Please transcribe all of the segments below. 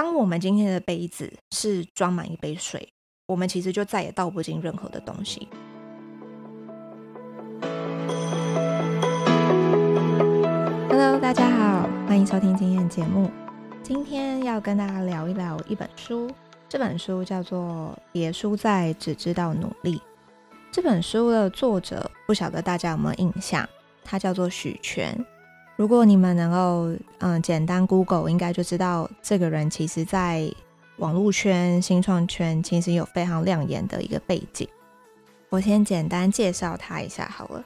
當我們今天的杯子是裝滿一杯水，我們其實就再也倒不進任何的東西。Hello，大家好，歡迎收聽今天的節目。今天要跟大家聊一聊一本書，這本書叫做《別輸在只知道努力》。這本書的作者不曉得大家有沒有印象，他叫做許詮。如果你們能夠嗯簡單 Google，應該就知道這個人其實，在網絡圈、新創圈，其實有非常亮眼的一個背景。我先簡單介紹他一下好了。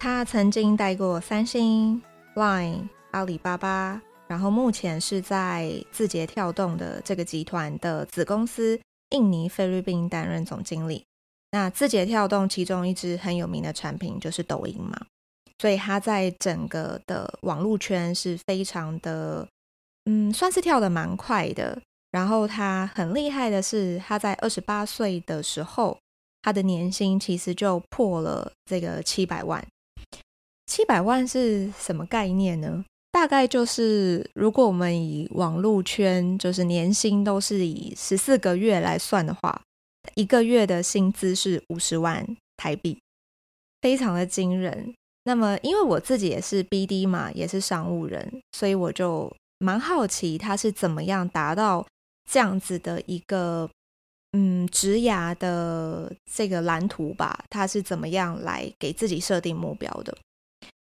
他曾經帶過三星、LINE、阿里巴巴，然後目前是在字節跳動的這個集團的子公司印尼、菲律賓擔任總經理。那字節跳動其中一支很有名的產品就是抖音嘛。所以他在整個的網絡圈是非常的，嗯，算是跳得蠻快的。然後他很厲害的是，他在二十八歲的時候，他的年薪其實就破了這個七百萬。七百萬是什麼概念呢？大概就是如果我們以網絡圈就是年薪都是以十四個月來算的話，一個月的薪資是五十萬台幣，非常的驚人。那麼，因為我自己也是 BD 嘛，也是商務人，所以我就蠻好奇他是怎麼樣達到這樣子的一個嗯職涯的這個藍圖吧？他是怎麼樣來給自己設定目標的？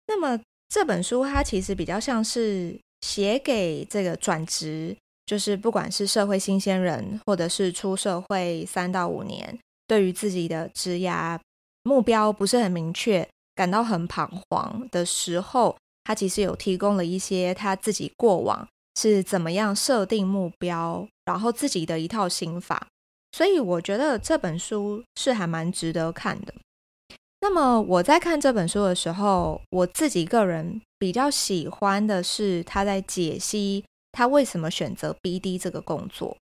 那麼這本書它其實比較像是寫給這個轉職，就是不管是社會新鮮人，或者是出社會三到五年，對於自己的職涯目標不是很明確。感到很彷徨的時候，他其實有提供了一些他自己過往是怎麼樣設定目標，然後自己的一套心法。所以我覺得這本書是還蠻值得看的。那麼我在看這本書的時候，我自己個人比較喜歡的是他在解析他為什麼選擇 BD 這個工作，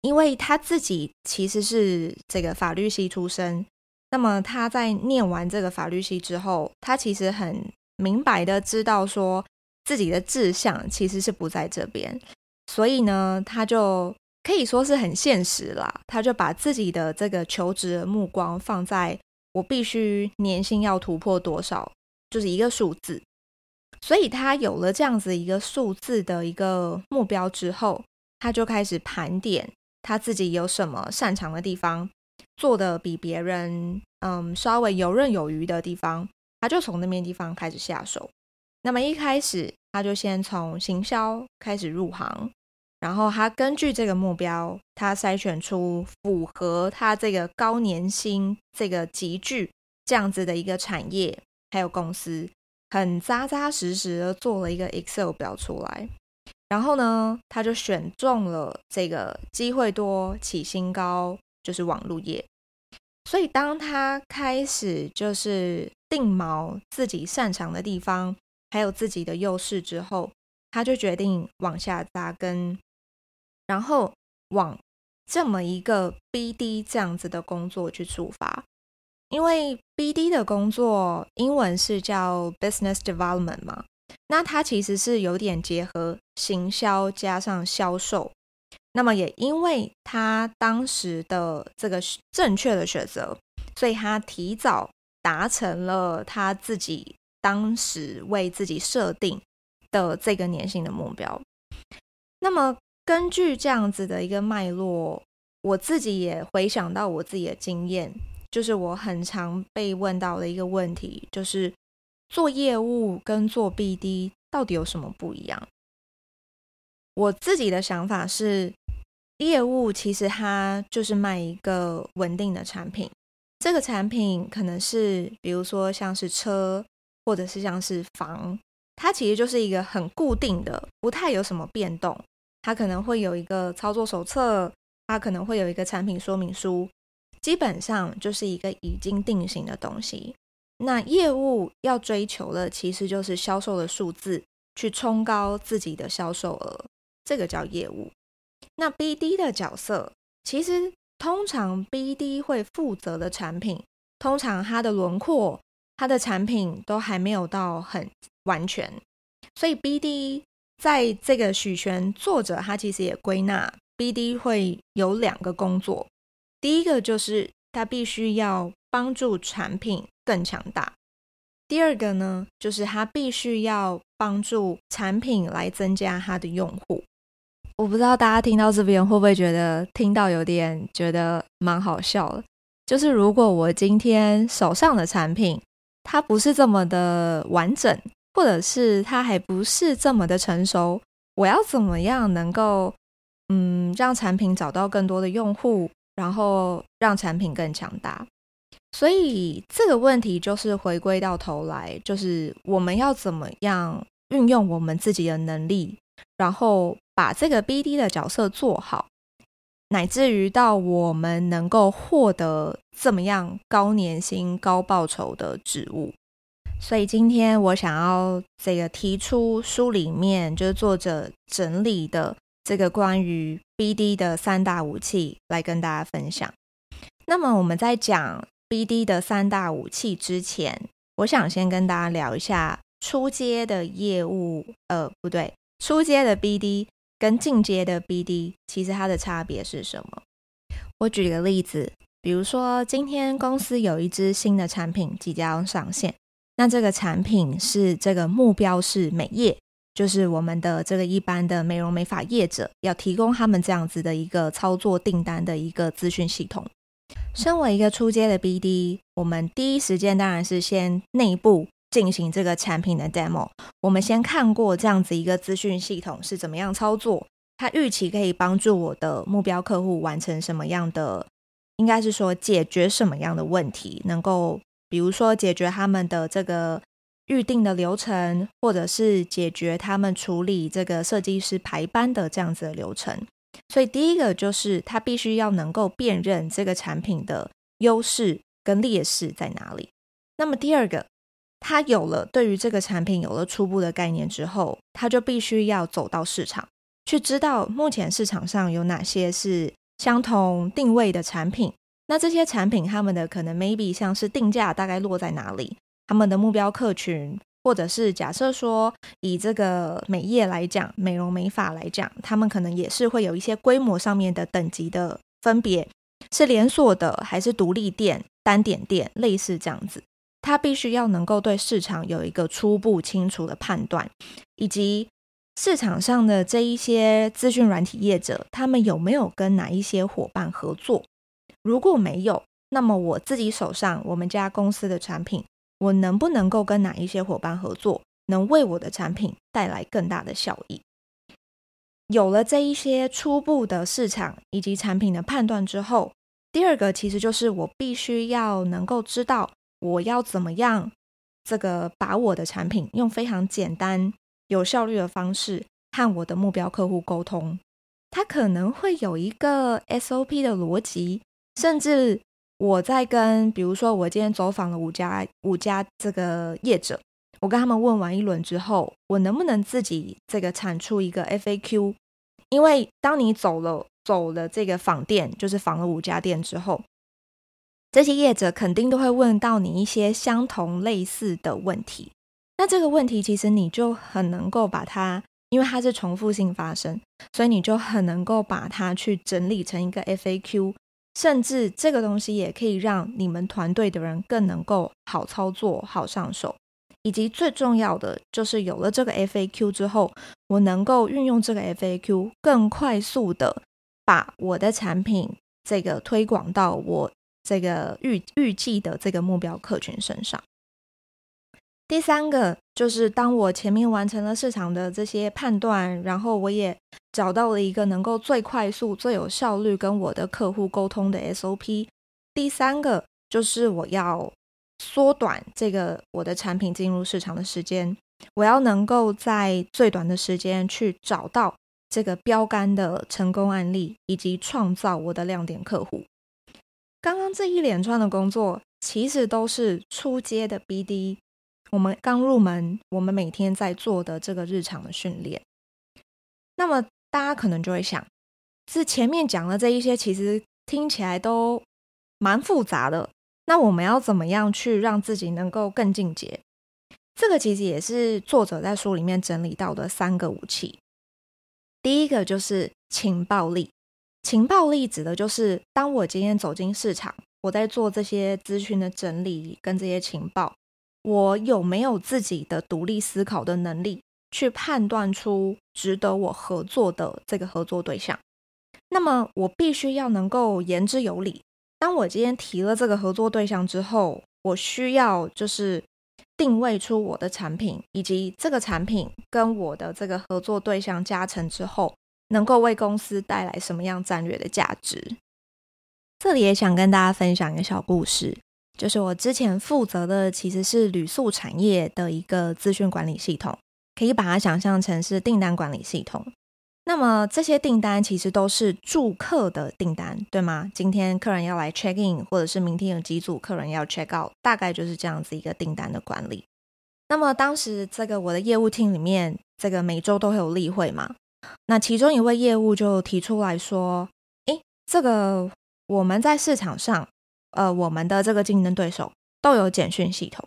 因為他自己其實是這個法律系出身。那麼他在念完這個法律系之後，他其實很明白的知道說自己的志向其實是不在這邊，所以呢，他就可以說是很現實啦，他就把自己的這個求職的目光放在我必須年薪要突破多少，就是一個數字。所以他有了這樣子一個數字的一個目標之後，他就開始盤點他自己有什麼擅長的地方，做的比別人嗯稍微游刃有餘的地方，他就從那邊地方開始下手。那麼一開始，他就先從行銷開始入行，然後他根據這個目標，他篩選出符合他這個高年薪、這個集聚這樣子的一個產業，還有公司，很扎扎實實的做了一個 Excel 表出來。然後呢，他就選中了這個機會多、起薪高。就是網路業，所以當他開始就是定錨自己擅長的地方，還有自己的優勢之後，他就決定往下扎根，然後往這麼一個 BD 這樣子的工作去出發。因為 BD 的工作英文是叫 Business Development 嘛，那它其實是有點結合行銷加上銷售。那麼也因為他當時的這個正確的選擇，所以他提早達成了他自己當時為自己設定的這個年薪的目標。那麼根據這樣子的一個脈絡，我自己也回想到我自己的經驗，就是我很常被問到的一個問題，就是做業務跟做 BD 到底有什麼不一樣？我自己的想法是。業務其實它就是賣一個穩定的產品，這個產品可能是比如說像是車或者是像是房，它其實就是一個很固定的，不太有什麼變動。它可能會有一個操作手冊，它可能會有一個產品說明書，基本上就是一個已經定型的東西。那業務要追求的其實就是銷售的數字，去衝高自己的銷售額，這個叫業務。那 BD 的角色，其實通常 BD 會負責的產品，通常它的輪廓、它的產品都還沒有到很完全，所以 BD 在這個許詮作者，他其實也歸納，BD 會有兩個工作，第一個就是他必須要幫助產品更強大，第二個呢，就是他必須要幫助產品來增加他的用戶。我不知道大家聽到這邊會不會覺得，聽到有點覺得蠻好笑的。就是如果我今天手上的產品它不是這麼的完整，或者是它還不是這麼的成熟，我要怎麼樣能夠嗯讓產品找到更多的用戶，然後讓產品更強大。所以這個問題就是回歸到頭來，就是我們要怎麼樣運用我們自己的能力，然後。把這個 BD 的角色做好，乃至於到我們能夠獲得這麼樣高年薪、高報酬的職務。所以今天我想要這個提出書裡面就是作者整理的這個關於 BD 的三大武器來跟大家分享。那麼我們在講 BD 的三大武器之前，我想先跟大家聊一下初階的業務，呃，不對，初階的 BD。跟進階的 BD 其實它的差別是什麼？我舉個例子，比如說今天公司有一支新的產品即將上線，那這個產品是這個目標是美業，就是我們的這個一般的美容美髮業者要提供他們這樣子的一個操作訂單的一個資訊系統。身為一個初階的 BD，我們第一時間當然是先內部。進行這個產品的 demo，我們先看過這樣子一個資訊系統是怎麼樣操作，它預期可以幫助我的目標客戶完成什麼樣的，應該是說解決什麼樣的問題，能夠比如說解決他們的這個預定的流程，或者是解決他們處理這個設計師排班的這樣子的流程。所以第一個就是他必須要能夠辨認這個產品的優勢跟劣勢在哪裡。那麼第二個。他有了，對於這個產品有了初步的概念之後，他就必須要走到市場，去知道目前市場上有哪些是相同定位的產品。那這些產品他們的可能 maybe 像是定價大概落在哪裡，他們的目標客群，或者是假設說以這個美業來講，美容美髮來講，他們可能也是會有一些規模上面的等級的分別，是連鎖的還是獨立店、單點店，類似這樣子。他必須要能夠對市場有一個初步清楚的判斷，以及市場上的這一些資訊軟體業者，他們有沒有跟哪一些夥伴合作？如果沒有，那麼我自己手上我們家公司的產品，我能不能夠跟哪一些夥伴合作，能為我的產品帶來更大的效益？有了這一些初步的市場以及產品的判斷之後，第二個其實就是我必須要能夠知道。我要怎麼樣這個把我的產品用非常簡單、有效率的方式和我的目標客戶溝通，他可能會有一個 SOP 的邏輯。甚至我在跟，比如說我今天走訪了五家五家，這個業者，我跟他們問完一輪之後，我能不能自己這個產出一個 FAQ？因為當你走了走了這個訪店，就是訪了五家店之後。這些業者肯定都會問到你一些相同類似的問題，那這個問題其實你就很能夠把它，因為它是重複性發生，所以你就很能夠把它去整理成一個 FAQ，甚至這個東西也可以讓你們團隊的人更能夠好操作、好上手，以及最重要的就是有了這個 FAQ 之後，我能夠運用這個 FAQ 更快速的把我的產品這個推廣到我。這個預預計的這個目標客群身上。第三個就是，當我前面完成了市場的這些判斷，然後我也找到了一個能夠最快速、最有效率跟我的客戶溝通的 SOP。第三個就是，我要縮短這個我的產品進入市場的時間，我要能夠在最短的時間去找到這個標杆的成功案例，以及創造我的亮點客戶。剛剛這一連串的工作，其實都是初階的 BD。我們剛入門，我們每天在做的這個日常的訓練。那麼大家可能就會想，這前面講的這一些，其實聽起來都蠻複雜的。那我們要怎麼樣去讓自己能夠更進階？這個其實也是作者在書裡面整理到的三個武器。第一個就是情報力。情報力指的就是，當我今天走進市場，我在做這些資訊的整理跟這些情報，我有沒有自己的獨立思考的能力，去判斷出值得我合作的這個合作對象。那麼我必須要能夠言之有理。當我今天提了這個合作對象之後，我需要就是定位出我的產品，以及這個產品跟我的這個合作對象加成之後，能夠為公司帶來什麼樣戰略的價值？這裡也想跟大家分享一個小故事，就是我之前負責的其實是旅宿產業的一個資訊管理系統，可以把它想象成是訂單管理系統。那麼這些訂單其實都是住客的訂單，對嗎？今天客人要來 check in，或者是明天有幾組客人要 check out，大概就是這樣子一個訂單的管理。那麼當時這個我的業務廳裡面，這個每週都會有例會嘛。那其中一位業務就提出來說：“誒，這個我們在市場上，呃，我們的這個競爭對手都有簡訊系統。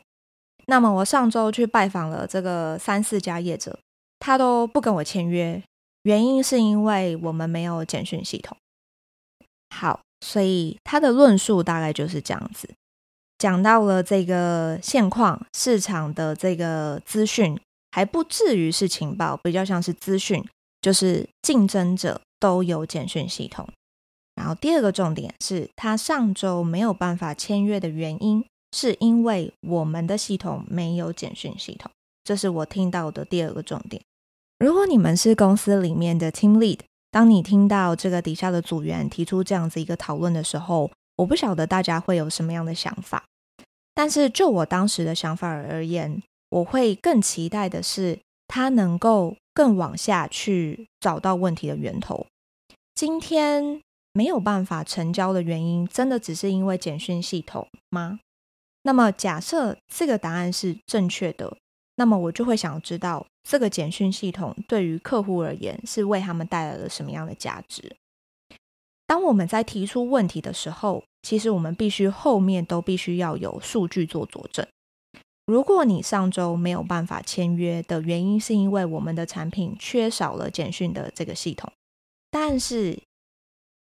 那麼我上周去拜訪了這個三四家業者，他都不跟我簽約，原因是因為我們沒有簡訊系統。好，所以他的論述大概就是這樣子，講到了這個現況市場的這個資訊還不至於是情報，比較像是資訊。”就是競爭者都有簡訊系統，然後第二個重點是他上周沒有辦法簽約的原因，是因為我們的系統沒有簡訊系統，這是我聽到的第二個重點。如果你們是公司裡面的 team lead，當你聽到這個底下的組員提出這樣子一個討論的時候，我不曉得大家會有什麼樣的想法，但是就我當時的想法而言，我會更期待的是他能夠，更往下去找到問題的源頭。今天沒有辦法成交的原因，真的只是因為簡訊系統嗎？那麼假設這個答案是正確的，那麼我就會想知道這個簡訊系統對於客戶而言是為他們帶來了什麼樣的價值。當我們在提出問題的時候，其實我們必須後面都必須要有數據做佐證。如果你上週沒有辦法簽約的原因，是因為我們的產品缺少了簡訊的這個系統，但是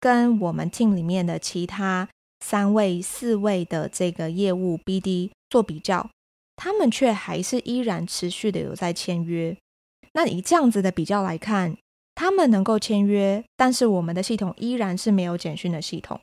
跟我們 team 裡面的其他三位四位的這個業務 BD 做比較，他們卻還是依然持續的有在簽約。那以這樣子的比較來看，他們能夠簽約，但是我們的系統依然是沒有簡訊的系統。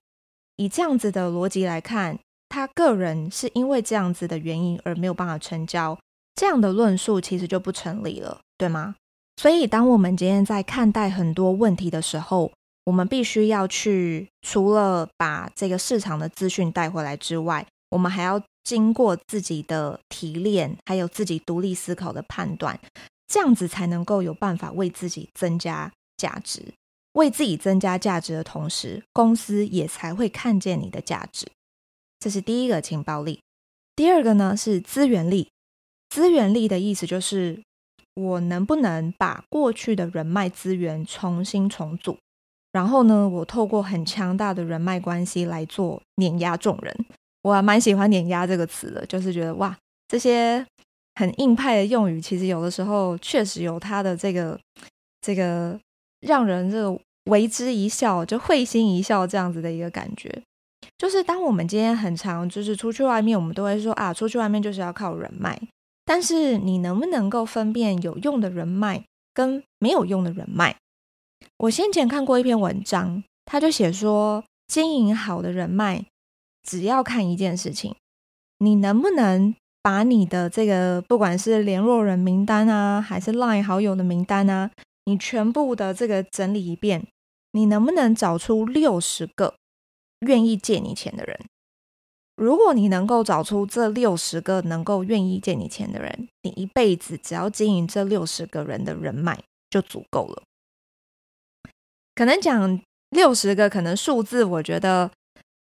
以這樣子的邏輯來看。他個人是因為這樣子的原因而沒有辦法成交，這樣的論述其實就不成立了，對嗎？所以當我們今天在看待很多問題的時候，我們必須要去除了把這個市場的資訊帶回來之外，我們還要經過自己的提煉，還有自己獨立思考的判斷，這樣子才能夠有辦法為自己增加價值。為自己增加價值的同時，公司也才會看見你的價值。這是第一個情報力，第二個呢是資源力。資源力的意思就是，我能不能把過去的人脈資源重新重組，然後呢，我透過很強大的人脈關係來做碾壓眾人。我還蠻喜歡“碾壓”這個詞的，就是覺得哇，這些很硬派的用語，其實有的時候確實有它的這個這個讓人這個為之一笑，就會心一笑這樣子的一個感覺。就是當我們今天很常就是出去外面，我們都會說啊，出去外面就是要靠人脈。但是你能不能夠分辨有用的人脈跟沒有用的人脈？我先前看過一篇文章，他就寫說，經營好的人脈，只要看一件事情，你能不能把你的這個不管是聯絡人名單啊，還是 LINE 好友的名單啊，你全部的這個整理一遍，你能不能找出六十個？願意借你錢的人，如果你能夠找出這六十個能夠願意借你錢的人，你一輩子只要經營這六十個人的人脈就足夠了。可能講六十個，可能數字我覺得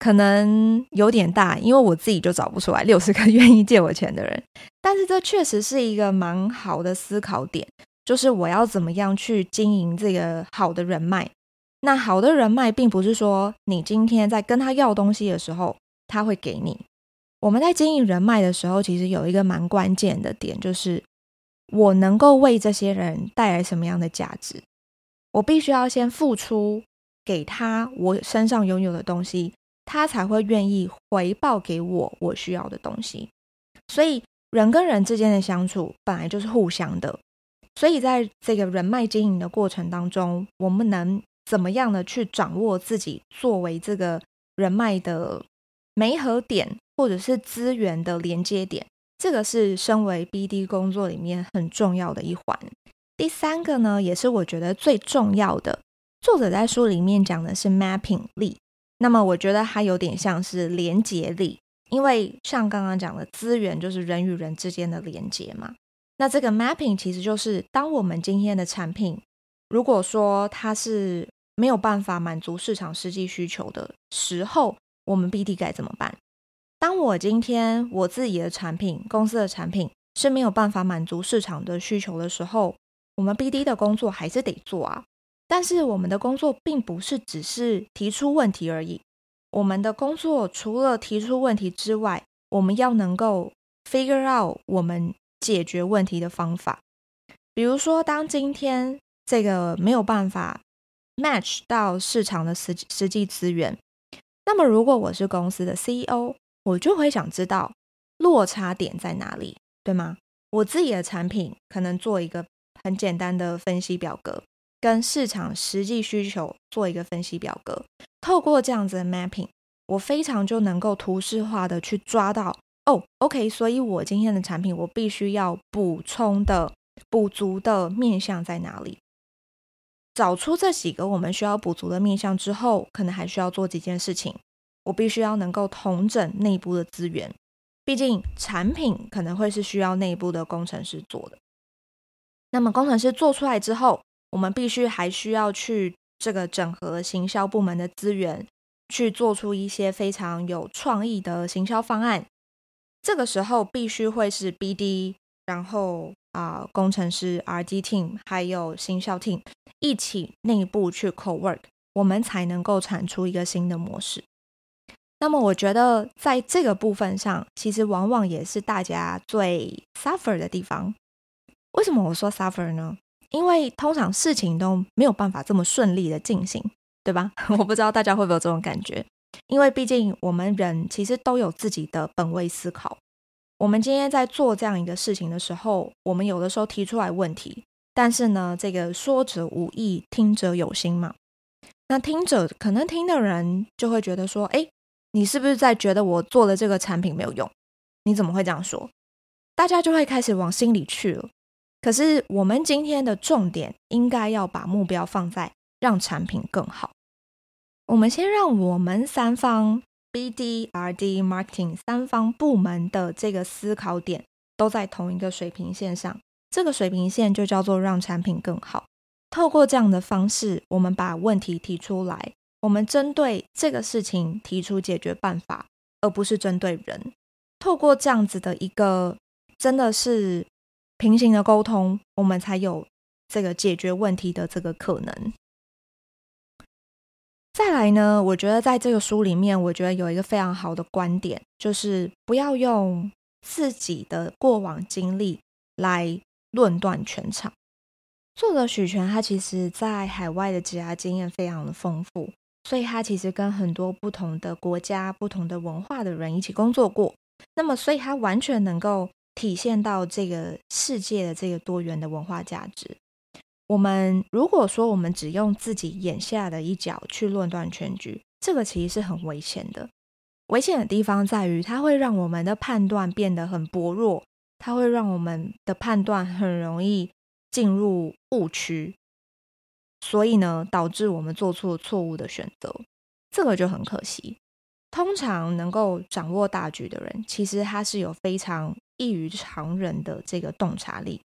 可能有點大，因為我自己就找不出來六十個願意借我錢的人。但是這確實是一個蠻好的思考點，就是我要怎麼樣去經營這個好的人脈。那好的人脈，並不是說你今天在跟他要東西的時候，他會給你。我們在經營人脈的時候，其實有一個蠻關鍵的點，就是我能夠為這些人帶來什麼樣的價值。我必須要先付出給他我身上擁有的東西，他才會願意回報給我我需要的東西。所以人跟人之間的相處本來就是互相的。所以在這個人脈經營的過程當中，我們能。怎麼樣的去掌握自己作為這個人脈的媒合點，或者是資源的連接點，這個是身為 BD 工作裡面很重要的一環。第三個呢，也是我覺得最重要的，作者在書裡面講的是 mapping 力，那麼我覺得它有點像是連接力，因為像剛剛講的資源就是人與人之間的連接嘛。那這個 mapping 其實就是當我們今天的產品，如果說它是沒有辦法滿足市場實際需求的時候，我們 BD 該怎麼辦？當我今天，我自己的產品，公司的產品是沒有辦法滿足市場的需求的時候，我們 BD 的工作還是得做啊。但是我們的工作並不是只是提出問題而已，我們的工作除了提出問題之外，我們要能夠 figure out 我們解決問題的方法。比如說，當今天這個沒有辦法。match 到市場的實實際資源，那麼如果我是公司的 CEO，我就會想知道落差點在哪裡，對嗎？我自己的產品可能做一個很簡單的分析表格，跟市場實際需求做一個分析表格，透過這樣子的 mapping，我非常就能夠圖示化的去抓到哦。Oh, OK，所以我今天的產品我必須要補充的補足的面向在哪裡？找出這幾個我們需要補足的面向之後，可能還需要做幾件事情。我必須要能夠統整內部的資源，畢竟產品可能會是需要內部的工程師做的。那麼工程師做出來之後，我們必須還需要去這個整合行銷部門的資源，去做出一些非常有創意的行銷方案。這個時候必須會是 BD，然後。啊、呃，工程師、R&D team，還有新校 team 一起內部去 cowork，我們才能夠產出一個新的模式。那麼，我覺得在這個部分上，其實往往也是大家最 suffer 的地方。為什麼我說 suffer 呢？因為通常事情都沒有辦法這麼順利的進行，對吧？ 我不知道大家會不會有這種感覺。因為畢竟我們人其實都有自己的本位思考。我們今天在做這樣一個事情的時候，我們有的時候提出來問題，但是呢，這個說者無意，聽者有心嘛。那聽者可能聽的人就會覺得說：“誒，你是不是在覺得我做的這個產品沒有用？你怎麼會這樣說？”大家就會開始往心裡去了。可是我們今天的重點應該要把目標放在讓產品更好。我們先讓我們三方。BD、RD Marketing 三方部門的這個思考點都在同一個水平線上，這個水平線就叫做讓產品更好。透過這樣的方式，我們把問題提出來，我們針對這個事情提出解決辦法，而不是針對人。透過這樣子的一個真的是平行的溝通，我們才有這個解決問題的這個可能。再來呢，我覺得在這個書裡面，我覺得有一個非常好的觀點，就是不要用自己的過往經歷來論斷全場。作者許詮他其實在海外的職涯經驗非常的豐富，所以他其實跟很多不同的國家、不同的文化的人一起工作過，那麼所以他完全能夠體現到這個世界的這個多元的文化價值。我們如果說我們只用自己眼下的一角去論斷全局，這個其實是很危險的。危險的地方在於，它會讓我們的判斷變得很薄弱，它會讓我們的判斷很容易進入誤區，所以呢，導致我們做出錯，錯誤的選擇，這個就很可惜。通常能夠掌握大局的人，其實他是有非常異於常人的這個洞察力。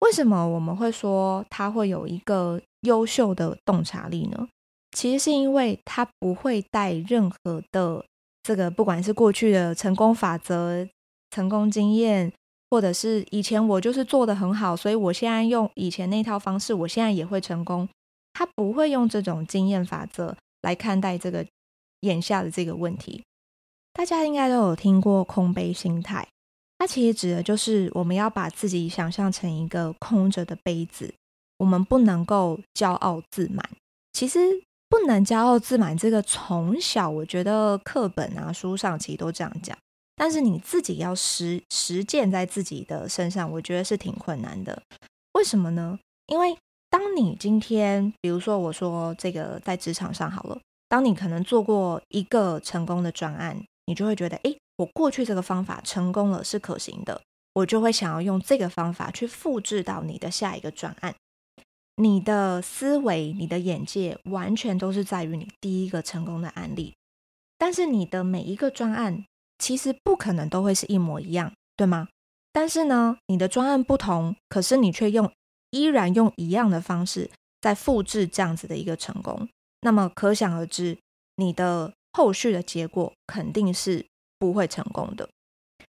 為什麼我們會說他會有一個優秀的洞察力呢？其實是因為他不會帶任何的這個，不管是過去的成功法則、成功經驗，或者是以前我就是做得很好，所以我現在用以前那套方式，我現在也會成功。他不會用這種經驗法則來看待這個眼下的這個問題。大家應該都有聽過空杯心態。它其實指的就是我們要把自己想象成一個空着的杯子，我們不能夠驕傲自滿。其實不能驕傲自滿，這個從小我覺得課本啊書上其實都這樣講，但是你自己要實實踐在自己的身上，我覺得是挺困難的。為什麼呢？因為當你今天，比如說我說這個在職場上好了，當你可能做過一個成功的專案。你就會覺得，誒，我過去這個方法成功了，是可行的，我就會想要用這個方法去複製到你的下一個專案。你的思維、你的眼界，完全都是在於你第一個成功的案例。但是你的每一個專案其實不可能都會是一模一樣，對嗎？但是呢，你的專案不同，可是你卻用依然用一樣的方式在複製這樣子的一個成功。那麼可想而知，你的。後續的結果肯定是不會成功的，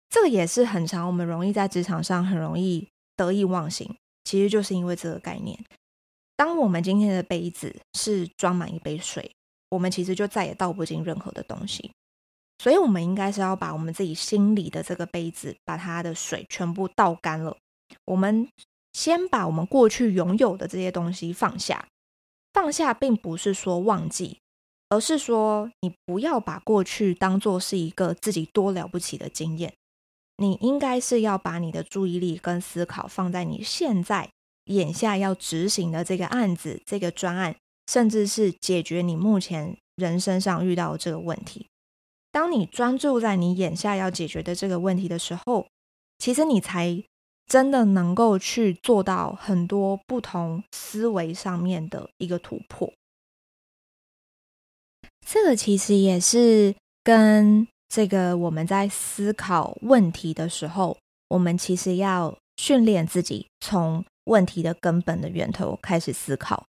這個也是很常，我們容易在職場上很容易得意忘形，其實就是因為這個概念。當我們今天的杯子是裝滿一杯水，我們其實就再也倒不進任何的東西。所以，我們應該是要把我們自己心裡的這個杯子，把它的水全部倒乾了。我們先把我們過去擁有的這些東西放下，放下並不是說忘記。而是說，你不要把過去當做是一個自己多了不起的經驗，你應該是要把你的注意力跟思考放在你現在眼下要執行的這個案子、這個專案，甚至是解決你目前人生上遇到的這個問題。當你專注在你眼下要解決的這個問題的時候，其實你才真的能夠去做到很多不同思維上面的一個突破。這個其實也是跟這個我們在思考問題的時候，我們其實要訓練自己從問題的根本的源頭開始思考，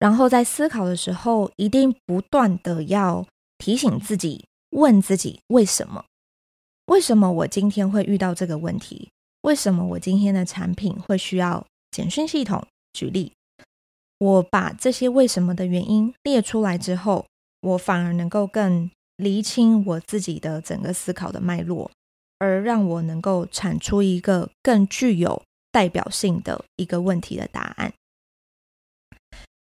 然後在思考的時候，一定不斷的要提醒自己，問自己為什麼？為什麼我今天會遇到這個問題？為什麼我今天的產品會需要簡訊系統？舉例，我把這些為什麼的原因列出來之後。我反而能夠更釐清我自己的整個思考的脈絡，而讓我能夠產出一個更具有代表性的一個問題的答案。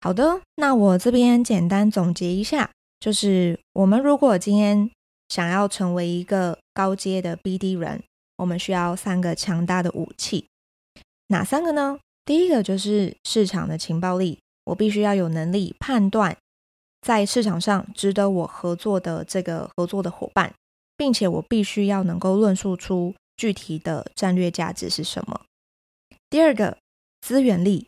好的，那我這邊簡單總結一下，就是我們如果今天想要成為一個高階的 BD 人，我們需要三個強大的武器。哪三個呢？第一個就是市場的情報力，我必須要有能力判斷。在市場上值得我合作的這個合作的伙伴，並且我必須要能夠論述出具體的戰略價值是什麼。第二個資源力，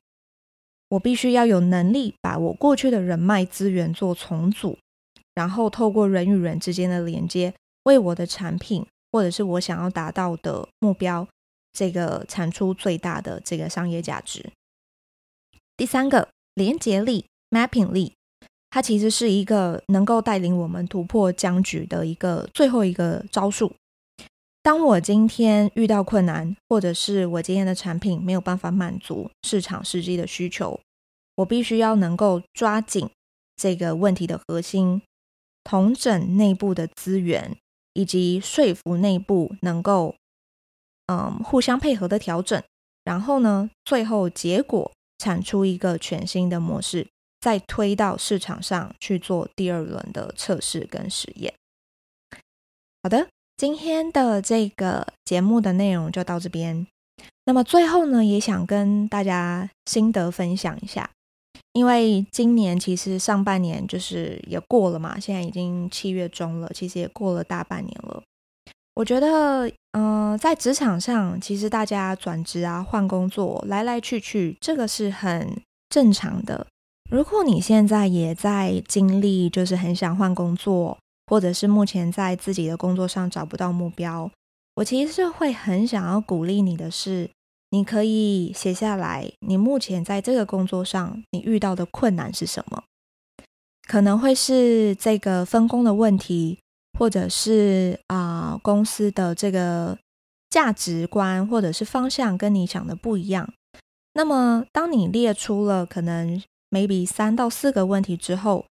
我必須要有能力把我過去的人脈資源做重組，然後透過人與人之間的連接，為我的產品或者是我想要達到的目標，這個產出最大的這個商業價值。第三個連接力 Mapping 力。它其實是一個能夠帶領我們突破僵局的一個最後一個招數。當我今天遇到困難，或者是我今天的產品沒有辦法滿足市場實際的需求，我必須要能夠抓緊這個問題的核心，統整內部的資源，以及說服內部能夠嗯互相配合的調整，然後呢，最後結果產出一個全新的模式。再推到市場上去做第二輪的測試跟實驗。好的，今天的這個節目的內容就到這邊。那麼最後呢，也想跟大家心得分享一下，因為今年其實上半年就是也過了嘛，現在已經七月中了，其實也過了大半年了。我覺得，嗯、呃，在職場上，其實大家轉職啊、換工作、來來去去，這個是很正常的。如果你現在也在經歷，就是很想換工作，或者是目前在自己的工作上找不到目標，我其實是會很想要鼓勵你的是，你可以寫下來，你目前在這個工作上你遇到的困難是什麼？可能會是這個分工的問題，或者是啊、呃、公司的這個價值觀或者是方向跟你想的不一樣。那麼當你列出了可能，Maybe 三到四個問題之後，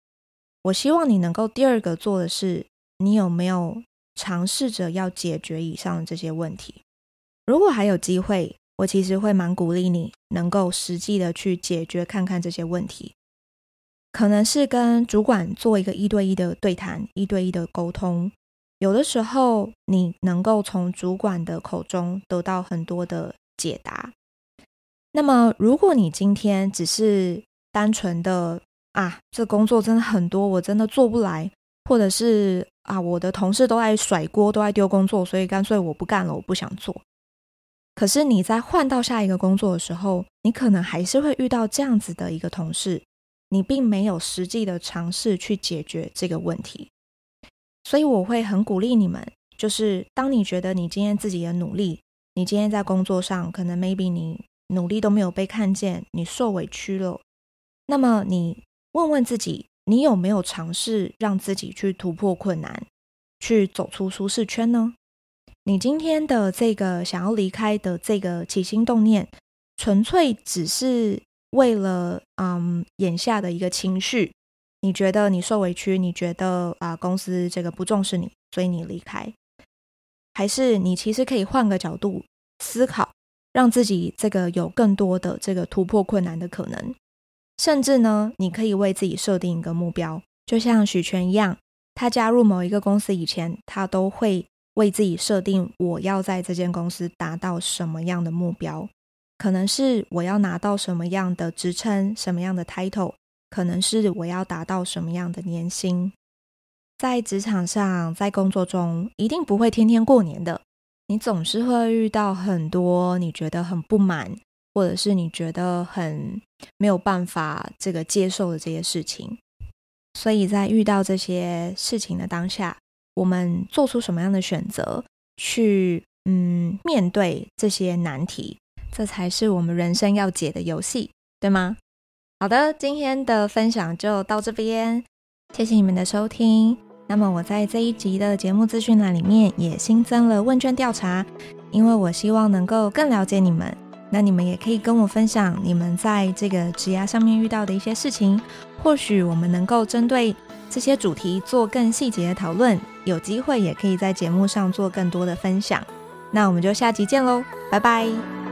我希望你能夠第二個做的是，你有沒有嘗試着要解決以上這些問題？如果還有機會，我其實會蠻鼓勵你能夠實際的去解決看看這些問題。可能是跟主管做一個一對一的對談、一對一的溝通，有的時候你能夠從主管的口中得到很多的解答。那麼，如果你今天只是單純的啊，這工作真的很多，我真的做不來，或者是啊，我的同事都在甩鍋，都在丟工作，所以乾脆我不幹了，我不想做。可是你在換到下一個工作的時候，你可能還是會遇到這樣子的一個同事，你並沒有實際的嘗試去解決這個問題。所以我會很鼓勵你們，就是當你覺得你今天自己的努力，你今天在工作上可能 maybe 你努力都沒有被看見，你受委屈了。那麼，你問問自己，你有沒有嘗試讓自己去突破困難，去走出舒適圈呢？你今天的這個想要離開的這個起心動念，純粹只是為了嗯眼下的一個情緒？你覺得你受委屈，你覺得啊、呃、公司這個不重視你，所以你離開？還是你其實可以換個角度思考，讓自己這個有更多的這個突破困難的可能？甚至呢，你可以為自己設定一個目標，就像許詮一樣，他加入某一個公司以前，他都會為自己設定我要在這間公司達到什麼樣的目標，可能是我要拿到什麼樣的職稱、什麼樣的 title，可能是我要達到什麼樣的年薪。在職場上，在工作中，一定不會天天過年的，你總是會遇到很多你覺得很不滿。或者是你覺得很沒有辦法這個接受的這些事情，所以在遇到這些事情的當下，我們做出什麼樣的選擇去嗯面對這些難題，這才是我們人生要解的遊戲，對嗎？好的，今天的分享就到這邊，謝謝你們的收聽。那麼我在這一集的節目資訊欄裡面也新增了問卷調查，因為我希望能夠更了解你們。那你們也可以跟我分享你們在這個職涯上面遇到的一些事情，或許我們能夠針對這些主題做更細節的討論，有機會也可以在節目上做更多的分享。那我們就下集見嘍，拜拜。